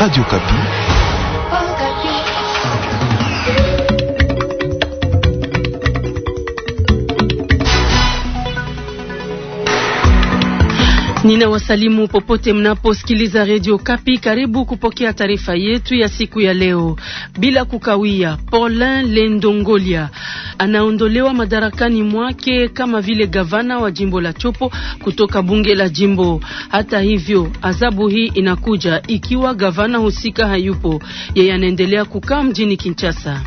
Radio Kapi. Ninawasalimu popote mnaposikiliza Radio Kapi. Karibu kupokea taarifa yetu ya siku ya leo. Bila kukawia, Paulin Lendongolia anaondolewa madarakani mwake kama vile gavana wa jimbo la Chopo kutoka bunge la jimbo. Hata hivyo, adhabu hii inakuja ikiwa gavana husika hayupo. Yeye anaendelea kukaa mjini Kinshasa.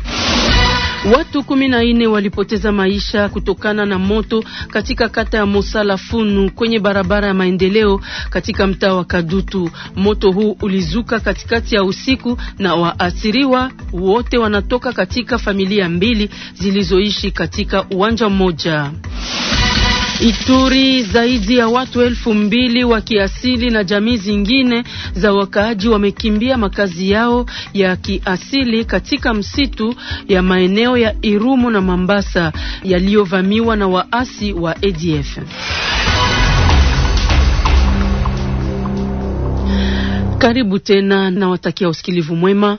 Watu kumi na nne walipoteza maisha kutokana na moto katika kata ya Mosala Funu kwenye barabara ya maendeleo katika mtaa wa Kadutu. Moto huu ulizuka katikati ya usiku na waathiriwa wote wanatoka katika familia mbili zilizoishi katika uwanja mmoja. Ituri, zaidi ya watu elfu mbili wa kiasili na jamii zingine za wakaaji wamekimbia makazi yao ya kiasili katika msitu ya maeneo ya Irumu na Mambasa yaliyovamiwa na waasi wa ADF. Karibu tena na watakia usikilivu mwema.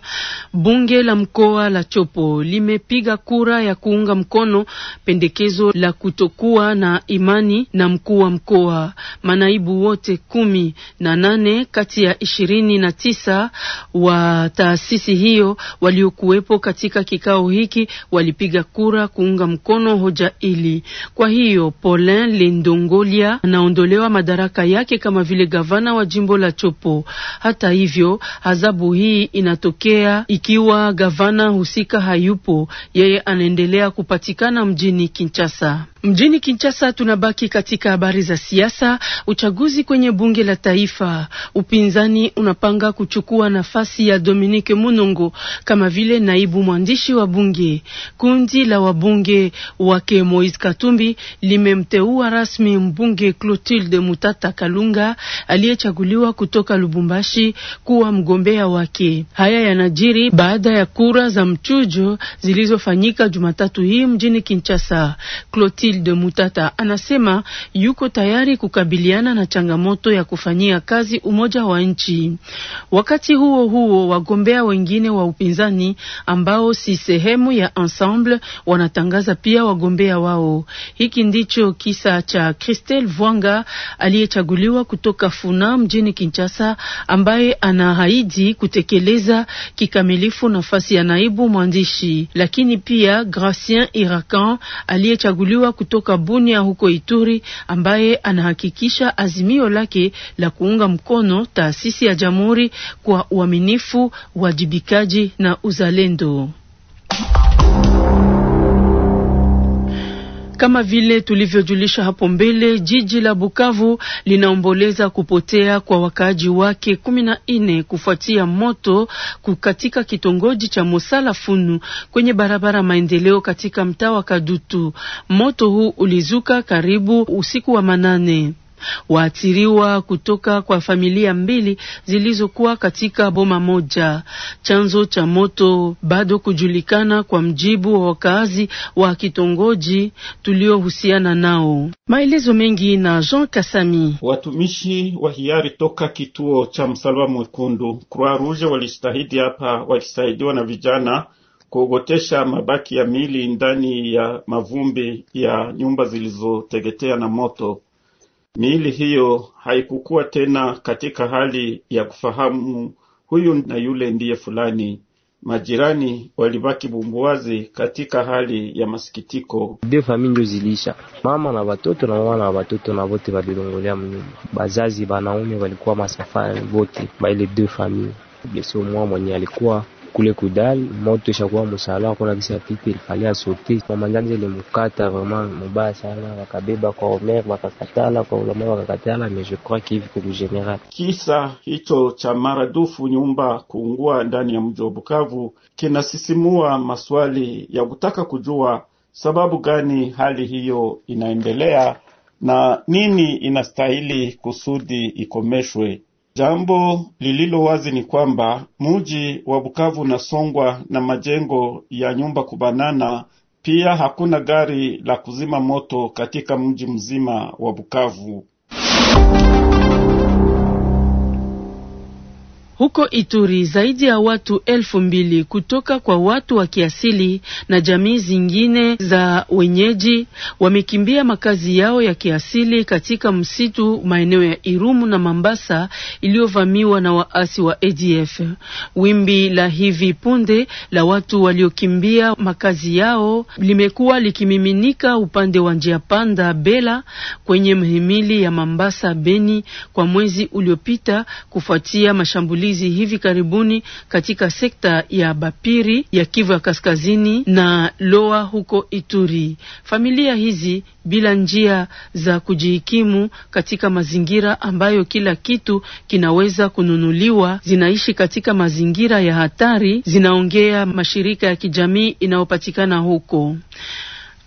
Bunge la mkoa la Chopo limepiga kura ya kuunga mkono pendekezo la kutokuwa na imani na mkuu wa mkoa. Manaibu wote kumi na nane kati ya ishirini na tisa wa taasisi hiyo waliokuwepo katika kikao hiki walipiga kura kuunga mkono hoja ili. Kwa hiyo Paulin Lindongolia anaondolewa madaraka yake kama vile gavana wa jimbo la Chopo. Hata hata hivyo, adhabu hii inatokea ikiwa gavana husika hayupo, yeye anaendelea kupatikana mjini Kinshasa. Mjini Kinshasa tunabaki katika habari za siasa. Uchaguzi kwenye bunge la taifa, upinzani unapanga kuchukua nafasi ya Dominique Munongo kama vile naibu mwandishi wa bunge. Kundi la wabunge wake Moise Katumbi limemteua rasmi mbunge Clotilde Mutata Kalunga aliyechaguliwa kutoka Lubumbashi kuwa mgombea wake. Haya yanajiri baada ya kura za mchujo zilizofanyika Jumatatu hii mjini Kinshasa. Clotilde Mathilde Mutata anasema yuko tayari kukabiliana na changamoto ya kufanyia kazi umoja wa nchi. Wakati huo huo, wagombea wengine wa upinzani ambao si sehemu ya Ensemble wanatangaza pia wagombea wao. Hiki ndicho kisa cha Christelle Vwanga aliyechaguliwa kutoka Funa mjini Kinshasa, ambaye anaahidi kutekeleza kikamilifu nafasi ya naibu mwandishi, lakini pia Gracien Irakan aliyechaguliwa kutoka Bunia huko Ituri, ambaye anahakikisha azimio lake la kuunga mkono taasisi ya jamhuri kwa uaminifu, uwajibikaji na uzalendo. Kama vile tulivyojulisha hapo mbele, jiji la Bukavu linaomboleza kupotea kwa wakaaji wake kumi na nne kufuatia moto katika kitongoji cha Mosala Funu kwenye barabara maendeleo katika mtaa wa Kadutu. Moto huu ulizuka karibu usiku wa manane waathiriwa kutoka kwa familia mbili zilizokuwa katika boma moja. Chanzo cha moto bado kujulikana, kwa mjibu wa wakaazi wa kitongoji tuliohusiana nao. Maelezo mengi na Jean Kasami. Watumishi wa hiari toka kituo cha Msalaba Mwekundu Croix Rouge walistahidi hapa, wakisaidiwa na vijana kuogotesha mabaki ya mili ndani ya mavumbi ya nyumba zilizoteketea na moto. Miili hiyo haikukuwa tena katika hali ya kufahamu huyu na yule ndiye fulani. Majirani walibaki bumbuwazi katika hali ya masikitiko. De famili ndio zilisha mama na watoto na mama na watoto na wote walilongolea mnyuma. Bazazi banaume walikuwa masafari wote baile de famili. Yesu mwenye alikuwa kule kudal moto ishakuwa msala akuna kisa ilifalia sauti kwa mama Njanje mkata vraiment mubaya sana, wakabeba kwa omer wakakatala, kwa ulama wakakatala. Mais je crois que hivi kisa hicho cha maradufu nyumba kuungua ndani ya mji wa Bukavu kinasisimua maswali ya kutaka kujua sababu gani hali hiyo inaendelea na nini inastahili kusudi ikomeshwe. Jambo lililo wazi ni kwamba muji wa Bukavu unasongwa na majengo ya nyumba kubanana. Pia hakuna gari la kuzima moto katika mji mzima wa Bukavu. Huko Ituri zaidi ya watu elfu mbili kutoka kwa watu wa kiasili na jamii zingine za wenyeji wamekimbia makazi yao ya kiasili katika msitu maeneo ya Irumu na Mambasa iliyovamiwa na waasi wa ADF. Wimbi la hivi punde la watu waliokimbia makazi yao limekuwa likimiminika upande wa njia panda Bela kwenye mhimili ya Mambasa Beni kwa mwezi uliopita kufuatia mashambulio mashambulizi hivi karibuni katika sekta ya Bapiri ya Kivu ya Kaskazini na Loa huko Ituri. Familia hizi bila njia za kujihikimu katika mazingira ambayo kila kitu kinaweza kununuliwa, zinaishi katika mazingira ya hatari, zinaongea mashirika ya kijamii inayopatikana huko.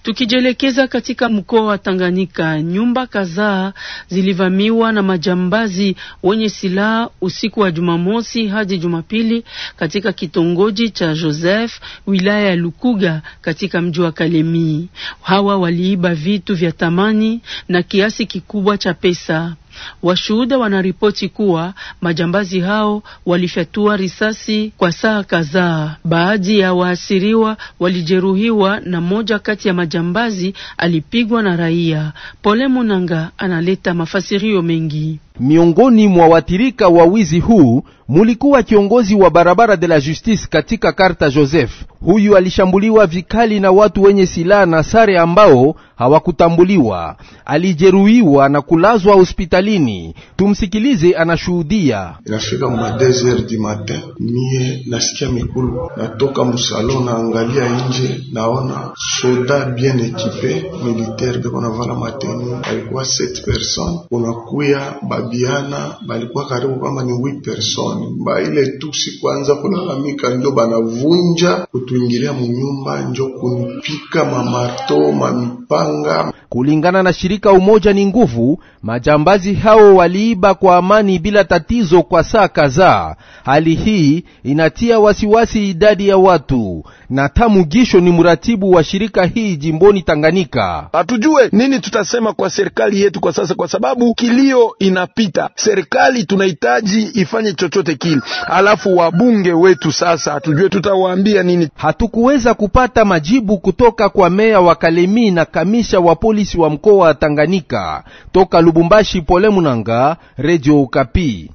Tukijielekeza katika mkoa wa Tanganyika, nyumba kadhaa zilivamiwa na majambazi wenye silaha usiku wa Jumamosi hadi Jumapili katika kitongoji cha Joseph, wilaya ya Lukuga, katika mji wa Kalemi. Hawa waliiba vitu vya thamani na kiasi kikubwa cha pesa. Washuhuda wanaripoti kuwa majambazi hao walifyatua risasi kwa saa kadhaa. Baadhi ya waasiriwa walijeruhiwa na mmoja kati ya majambazi alipigwa na raia. Pole Munanga analeta mafasirio mengi. Miongoni mwa watirika wa wizi huu mulikuwa kiongozi wa barabara de la justice katika karta Joseph. Huyu alishambuliwa vikali na watu wenye silaha na sare ambao hawakutambuliwa. Alijeruhiwa na kulazwa hospitalini. Tumsikilize, anashuhudia. Inafika ma 2h du matin, mie nasikia mikulu, natoka musalo, naangalia nje, naona soda bien ekipe militaire beko navala mateni, alikuwa 7 personnes kunakuya ba biana balikuwa karibu kama ni wi person ba ile tusi kwanza kulalamika, njo banavunja kutuingilia munyumba, njo kunipika mamarto mamipanga. Kulingana na shirika Umoja ni Nguvu, majambazi hao waliiba kwa amani bila tatizo kwa saa kadhaa. Hali hii inatia wasiwasi idadi ya watu. Na Tamugisho ni mratibu wa shirika hii jimboni Tanganyika. Hatujue nini tutasema kwa serikali yetu kwa sasa, kwa sababu kilio ina kupita. Serikali tunahitaji ifanye chochote kile, alafu wabunge wetu sasa hatujue tutawaambia nini. Hatukuweza kupata majibu kutoka kwa meya wa Kalemi na kamisha wa polisi wa mkoa wa Tanganyika. Toka Lubumbashi, Pole Munanga, Radio Okapi.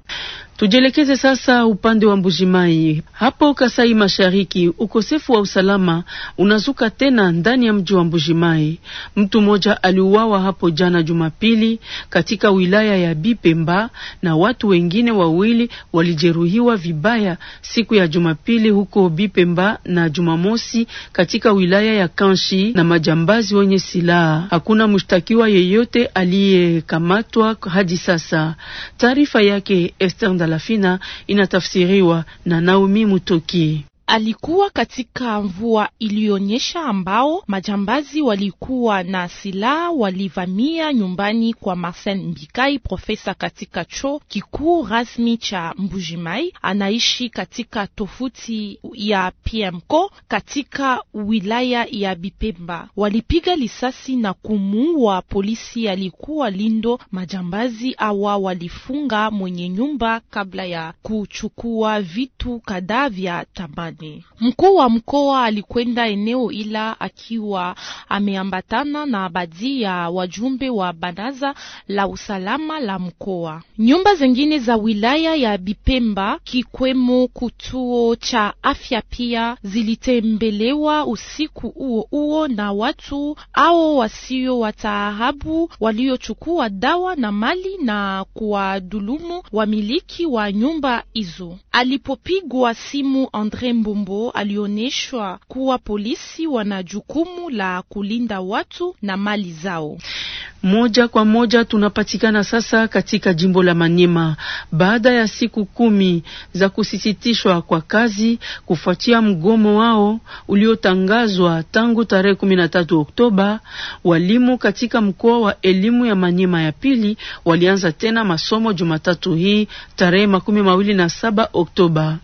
Tujielekeze sasa upande wa Mbujimai hapo Kasai Mashariki. Ukosefu wa usalama unazuka tena ndani ya mji wa Mbujimai. Mtu mmoja aliuawa hapo jana Jumapili katika wilaya ya Bipemba na watu wengine wawili walijeruhiwa vibaya siku ya Jumapili huko Bipemba na Jumamosi katika wilaya ya Kanshi na majambazi wenye silaha. Hakuna mshtakiwa yeyote aliyekamatwa hadi sasa. Taarifa yake Esther Salafina inatafsiriwa na Naomi Mutoki. Alikuwa katika mvua iliyonyesha ambao majambazi walikuwa na silaha walivamia nyumbani kwa Marcel Mbikai, profesa katika cho kikuu rasmi cha Mbujimai, anaishi katika tofuti ya PMCO katika wilaya ya Bipemba. Walipiga lisasi na kumuua polisi alikuwa Lindo. Majambazi awa walifunga mwenye nyumba kabla ya kuchukua vitu kadhaa vya fulani. Mkuu wa mkoa alikwenda eneo ila akiwa ameambatana na baadhi ya wajumbe wa baraza la usalama la mkoa. Nyumba zingine za wilaya ya Bipemba kikwemo kutuo cha afya pia zilitembelewa usiku huo huo na watu ao wasio wataahabu waliochukua dawa na mali na kuwadhulumu wamiliki wa nyumba hizo. Alipopigwa simu Andre Mbumbo alionyeshwa kuwa polisi wana jukumu la kulinda watu na mali zao. Moja kwa moja tunapatikana sasa katika jimbo la Manyema baada ya siku kumi za kusisitishwa kwa kazi kufuatia mgomo wao uliotangazwa tangu tarehe 13 Oktoba. Walimu katika mkoa wa elimu ya Manyema ya pili walianza tena masomo Jumatatu hii tarehe makumi mawili na saba Oktoba.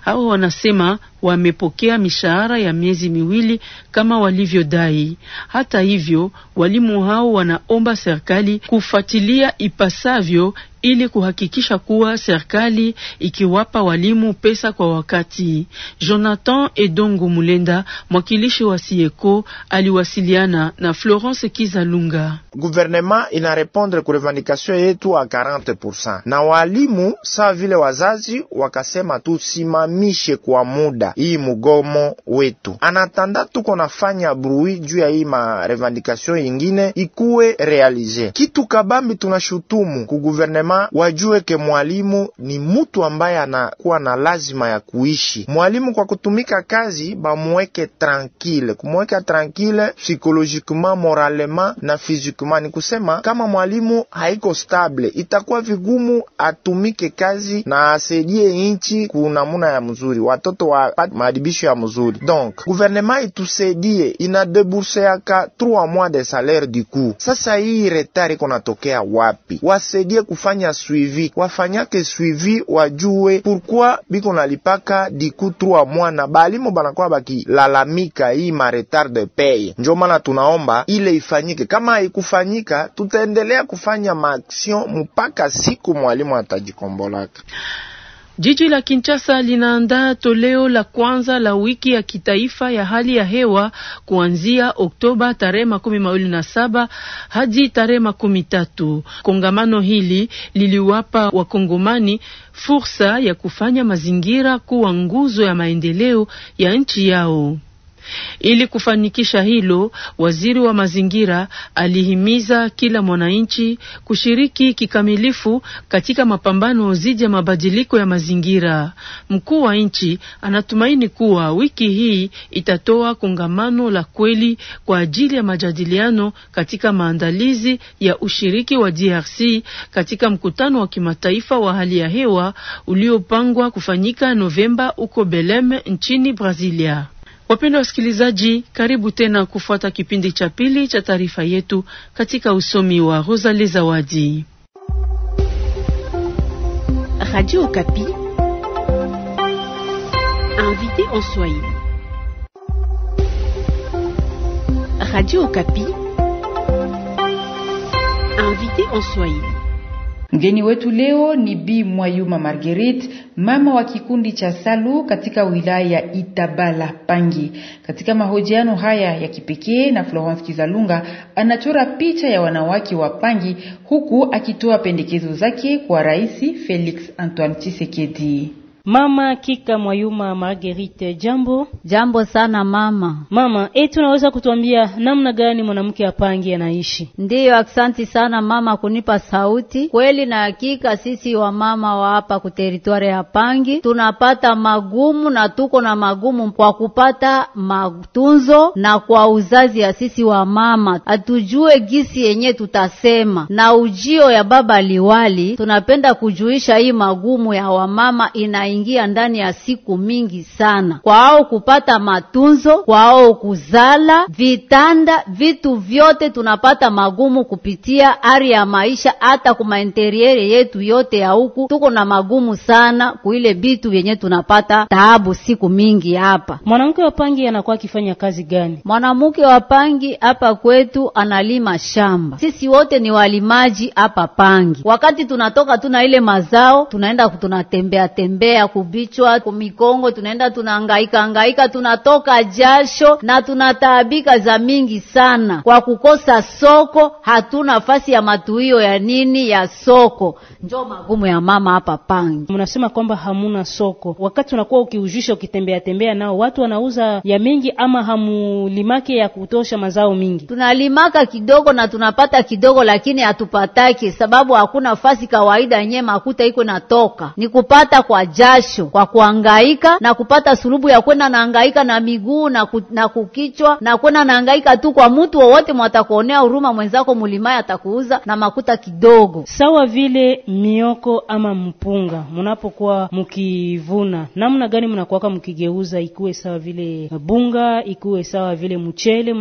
Hao wanasema wamepokea mishahara ya miezi miwili kama walivyodai. Hata hivyo, walimu hao wanaomba serikali kufuatilia ipasavyo ili kuhakikisha kuwa serikali ikiwapa walimu pesa kwa wakati. Jonathan Edongo Mulenda, mwakilishi wa Sieko, aliwasiliana na Florence Kizalunga. Guvernema repondre ku revendication yetu a 40% na walimu sawa vile wazazi wakasema tusimamishe kwa muda hii mugomo wetu, anatanda tuko nafanya brui juu ya hii ma revendication ikuwe realize kitu kabambi. Tunashutumu ku guvernema kama wajue ke mwalimu ni mutu ambaye anakuwa na lazima ya kuishi. Mwalimu kwa kutumika kazi bamuweke tranquille, kumweka tranquille psychologiquement, moralema na physiquement. Ni kusema kama mwalimu haiko stable, itakuwa vigumu atumike kazi na asaidie inchi kunamuna ya mzuri, watoto wa maadibisho ya mzuri. Donc guvernema itusaidie, ina deburseaka 3 mois de salaire du coup. Sasa hii retari konatokea wapi? wasaidie kufanya kufanya suivi, wafanyake suivi, wajue pourquoi biko nalipaka diku 3 mwana balimu banakuwa bakilalamika hii ma retard de paye. njo maana tunaomba ile ifanyike, kama haikufanyika tutaendelea kufanya maaksio mpaka siku mwalimu atajikombolaka. Jiji la Kinshasa linaandaa toleo la kwanza la wiki ya kitaifa ya hali ya hewa kuanzia Oktoba tarehe makumi mawili na saba hadi tarehe makumi tatu. Kongamano hili liliwapa wakongomani fursa ya kufanya mazingira kuwa nguzo ya maendeleo ya nchi yao. Ili kufanikisha hilo, waziri wa mazingira alihimiza kila mwananchi kushiriki kikamilifu katika mapambano dhidi ya mabadiliko ya mazingira. Mkuu wa nchi anatumaini kuwa wiki hii itatoa kongamano la kweli kwa ajili ya majadiliano katika maandalizi ya ushiriki wa DRC katika mkutano wa kimataifa wa hali ya hewa uliopangwa kufanyika Novemba huko Belem nchini Brazilia. Wapendwa wasikilizaji, karibu tena kufuata kipindi cha pili cha taarifa yetu katika usomi wa Rosalie Zawadi. Radio Okapi, invité en Swahili. Radio invité en Mgeni wetu leo ni Bi Mwayuma Marguerite, mama wa kikundi cha Salu katika wilaya ya Itabala Pangi. Katika mahojiano haya ya kipekee na Florence Kizalunga, anachora picha ya wanawake wa Pangi huku akitoa pendekezo zake kwa Rais Felix Antoine Tshisekedi. Mama Kika Mwayuma Marguerite, jambo jambo sana mama. Mama eti unaweza kutuambia namna gani mwanamke apangi anaishi? Ndiyo, aksanti sana mama kunipa sauti. Kweli na hakika sisi wamama wa hapa kuteritwari ya Pangi tunapata magumu na tuko na magumu kwa kupata matunzo na kwa uzazi ya sisi wamama, hatujue gisi yenye tutasema na ujio ya baba liwali, tunapenda kujuisha hii magumu ya wamama ina wanaingia ndani ya siku mingi sana, kwao kupata matunzo, kwao kuzala, vitanda, vitu vyote tunapata magumu kupitia ari ya maisha. Hata interiere yetu yote ya huku tuko na magumu sana kuile bitu vyenye tunapata taabu siku mingi hapa. Mwanamke wa Pangi anakuwa akifanya kazi gani? Mwanamke wa Pangi hapa kwetu analima shamba. Sisi wote ni walimaji hapa Pangi. Wakati tunatoka tuna ile mazao, tunaenda tunatembea tembea ya kubichwa kumikongo, tunaenda tunahangaika hangaika, tunatoka jasho na tunataabika za mingi sana kwa kukosa soko. Hatuna fasi ya matuio ya nini ya soko, njo magumu ya mama hapa Pangi. Mnasema kwamba hamuna soko, wakati unakuwa ukiujisha ukitembea tembea nao watu wanauza ya mingi, ama hamulimake ya kutosha mazao mingi? Tunalimaka kidogo na tunapata kidogo, lakini hatupatake sababu hakuna fasi kawaida nye makuta iko natoka ni kupata kwa jasho jasho kwa kuangaika na kupata sulubu ya kwenda naangaika na miguu na, ku, na kukichwa na kwenda naangaika tu kwa mtu wowote mwatakuonea huruma mwenzako mulimaya atakuuza na makuta kidogo, sawa vile mioko ama mpunga. Mnapokuwa mkivuna namna gani mnakuwaka mkigeuza ikuwe sawa vile bunga ikuwe sawa vile mchele,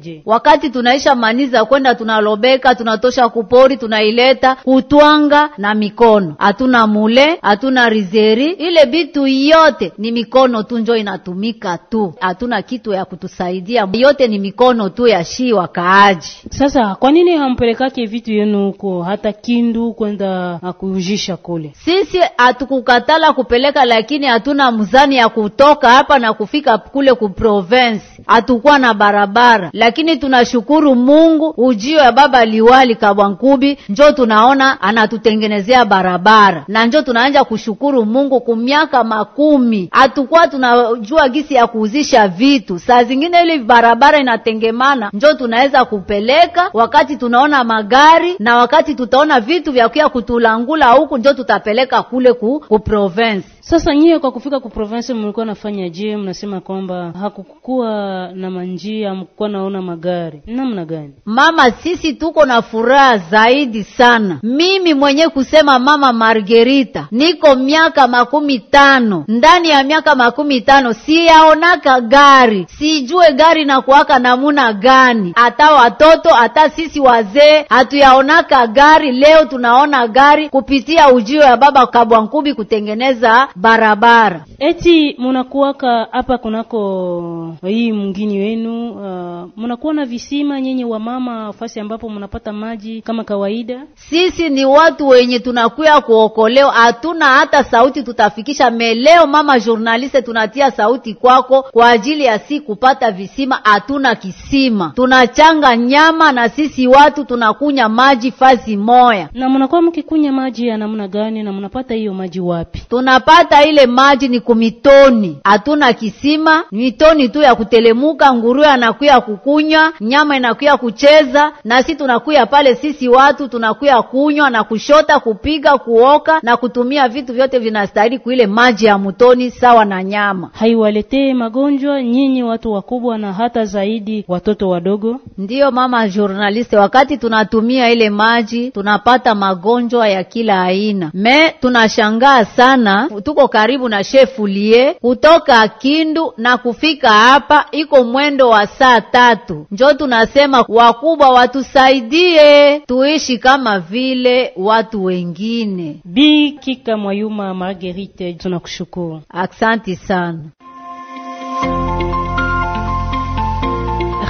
je? Wakati tunaisha maniza kwenda tunalobeka, tunatosha kupori, tunaileta kutwanga na mikono, hatuna mule, hatuna rizeri ile bitu yote ni mikono tu njo inatumika tu, hatuna kitu ya kutusaidia, yote ni mikono tu ya shi wakaaji. Sasa kwa nini hampelekake vitu yenu huko hata Kindu kwenda kujisha kule? Sisi hatukukatala kupeleka, lakini hatuna mzani ya kutoka hapa na kufika kule ku province, hatukuwa na barabara, lakini tunashukuru Mungu ujio ya baba liwali Kabwankubi njo tunaona anatutengenezea barabara na njo tunaanja kushukuru Mungu kumiaka makumi hatukuwa tunajua gisi ya kuuzisha vitu. Saa zingine ili barabara inatengemana, njo tunaweza kupeleka wakati tunaona magari na wakati tutaona vitu vya kuya kutulangula huku, njo tutapeleka kule ku, ku province. Sasa nyie kwa kufika ku province mlikuwa nafanya je? Mnasema kwamba hakukuwa na manjia, mkukuwa naona magari namna gani? Mama, sisi tuko na furaha zaidi sana. Mimi mwenye kusema mama Margerita, niko miaka makumi tano, ndani ya miaka makumi tano siyaonaka gari, sijue gari na kuwaka namuna gani, hata watoto hata sisi wazee hatuyaonaka gari. Leo tunaona gari kupitia ujio ya baba Kabwankubi kutengeneza barabara. Eti munakuwaka hapa kunako hii mngini wenu, uh, munakuwa na visima nyenye wa mama fasi ambapo munapata maji kama kawaida? Sisi ni watu wenye tunakuya kuokolewa, hatuna hata sauti tutafikisha meleo. Mama journaliste, tunatia sauti kwako kwa ajili ya si kupata visima, hatuna kisima, tunachanga nyama na sisi watu tunakunya maji fasi moya. Na munakuwa mkikunya maji ya namna gani na munapata hiyo maji wapi? tunapata hata ile maji ni kumitoni, hatuna kisima, mitoni tu ya kutelemuka. Nguruwe anakuya kukunywa, nyama inakuya kucheza, na si tunakuya pale, sisi watu tunakuya kunywa na kushota, kupiga, kuoka na kutumia vitu vyote vinastahili kuile maji ya mutoni sawa na nyama. Haiwaletee magonjwa nyinyi watu wakubwa, na hata zaidi watoto wadogo. Ndiyo mama journaliste, wakati tunatumia ile maji tunapata magonjwa ya kila aina, me tunashangaa sana tu tuko karibu na Shefulie kutoka Kindu na kufika hapa iko mwendo wa saa tatu. Njo tunasema wakubwa watusaidie tuishi kama vile watu wengine. Bi Kika Mwayuma Marguerite, tunakushukuru, aksanti sana.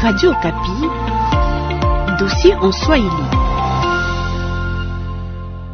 Radio Kapi, dossier en Swahili.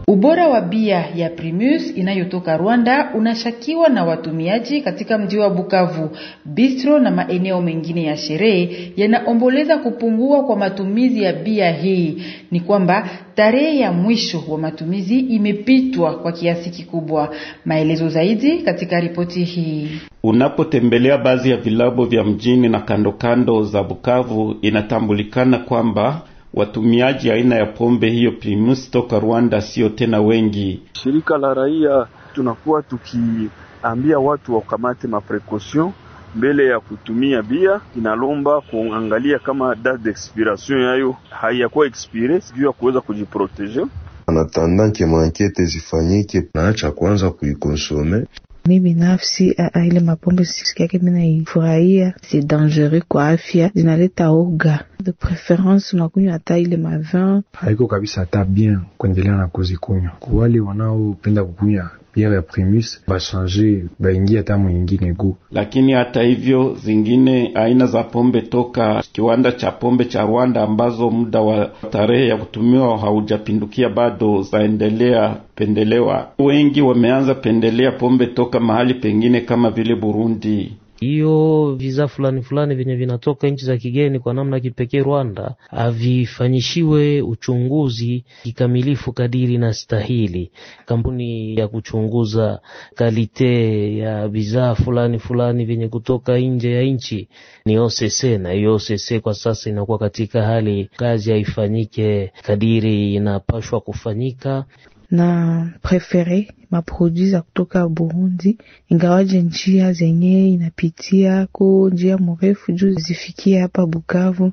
Ubora wa bia ya Primus inayotoka Rwanda unashakiwa na watumiaji katika mji wa Bukavu. Bistro na maeneo mengine ya sherehe yanaomboleza kupungua kwa matumizi ya bia hii. Ni kwamba tarehe ya mwisho wa matumizi imepitwa kwa kiasi kikubwa. Maelezo zaidi katika ripoti hii. Unapotembelea baadhi ya vilabu vya mjini na kandokando kando za Bukavu, inatambulikana kwamba watumiaji aina ya pombe hiyo primus toka Rwanda sio tena wengi. Shirika la raia tunakuwa tukiambia watu wakamate maprecaution mbele ya kutumia bia, inalomba kuangalia kama date d'expiration yayo haiyakuwa expire juu ya kuweza kujiproteje. Anatanda nke mankete zifanyike naacha kwanza kuikonsome Mi binafsi a ile mapombe siku yake mi naifurahia, si dangereux kwa afya, zinaleta oga de preference unakunywa hata ile mavin haiko kabisa, hata bien kuendelea na kuzikunywa. Kwa wale wanaopenda kukunywa Pierre ya Primus bashanje baingie tamu nyingine gu. Lakini hata hivyo zingine aina za pombe toka kiwanda cha pombe cha Rwanda ambazo muda wa tarehe ya kutumiwa haujapindukia bado zaendelea pendelewa. Wengi wameanza pendelea pombe toka mahali pengine kama vile Burundi hiyo viza fulani fulani vyenye vinatoka nchi za kigeni kwa namna kipekee Rwanda havifanyishiwe uchunguzi kikamilifu kadiri na stahili. Kampuni ya kuchunguza kalite ya bidhaa fulani fulani vyenye kutoka nje ya nchi ni OCC, na hiyo OCC kwa sasa inakuwa katika hali kazi haifanyike kadiri inapashwa kufanyika na prefere za kutoka Burundi, ingawaje njia zenye inapitia ko njia mrefu juu zifikie hapa Bukavu.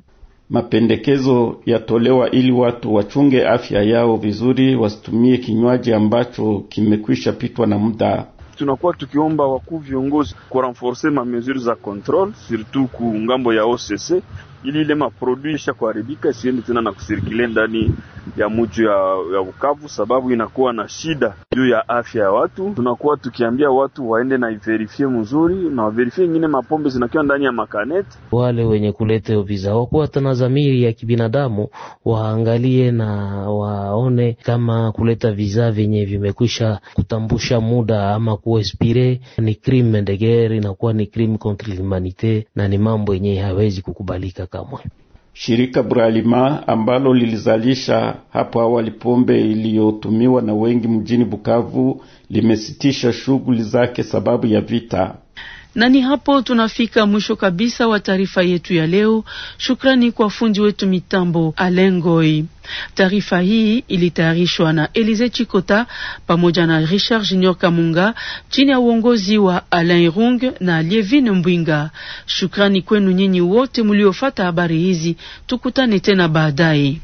Mapendekezo yatolewa ili watu wachunge afya yao vizuri, wasitumie kinywaji ambacho kimekwisha pitwa na muda. Tunakuwa tukiomba wakuu viongozi kurenforce ma mesures za control surtout ku ngambo ya OCC ili ile maprodui isha kuharibika isiende tena na kusirikile ndani ya mji ya, ya Bukavu, sababu inakuwa na shida juu ya afya ya watu. Tunakuwa tukiambia watu waende na iverifie mzuri na waverifie ingine, mapombe zinakiwa ndani ya makaneti. Wale wenye kuleta visa wakuwa tana zamiri ya kibinadamu, waangalie na waone kama kuleta visa vyenye vimekwisha kutambusha muda ama kuespire ni crime de guerre, inakuwa ni crime contre l'humanité na ni mambo yenye hawezi kukubalika kamwe. Shirika Bralima ambalo lilizalisha hapo awali pombe iliyotumiwa na wengi mjini Bukavu limesitisha shughuli zake sababu ya vita. Na ni hapo tunafika mwisho kabisa wa taarifa yetu ya leo. Shukrani kwa fundi wetu mitambo Alengoi. Taarifa hii ilitayarishwa na Elize Chikota pamoja na Richard Junior Kamunga chini ya uongozi wa Alain Rung na Lievine Mbwinga. Shukrani kwenu nyinyi wote mliofata habari hizi. Tukutane tena baadaye.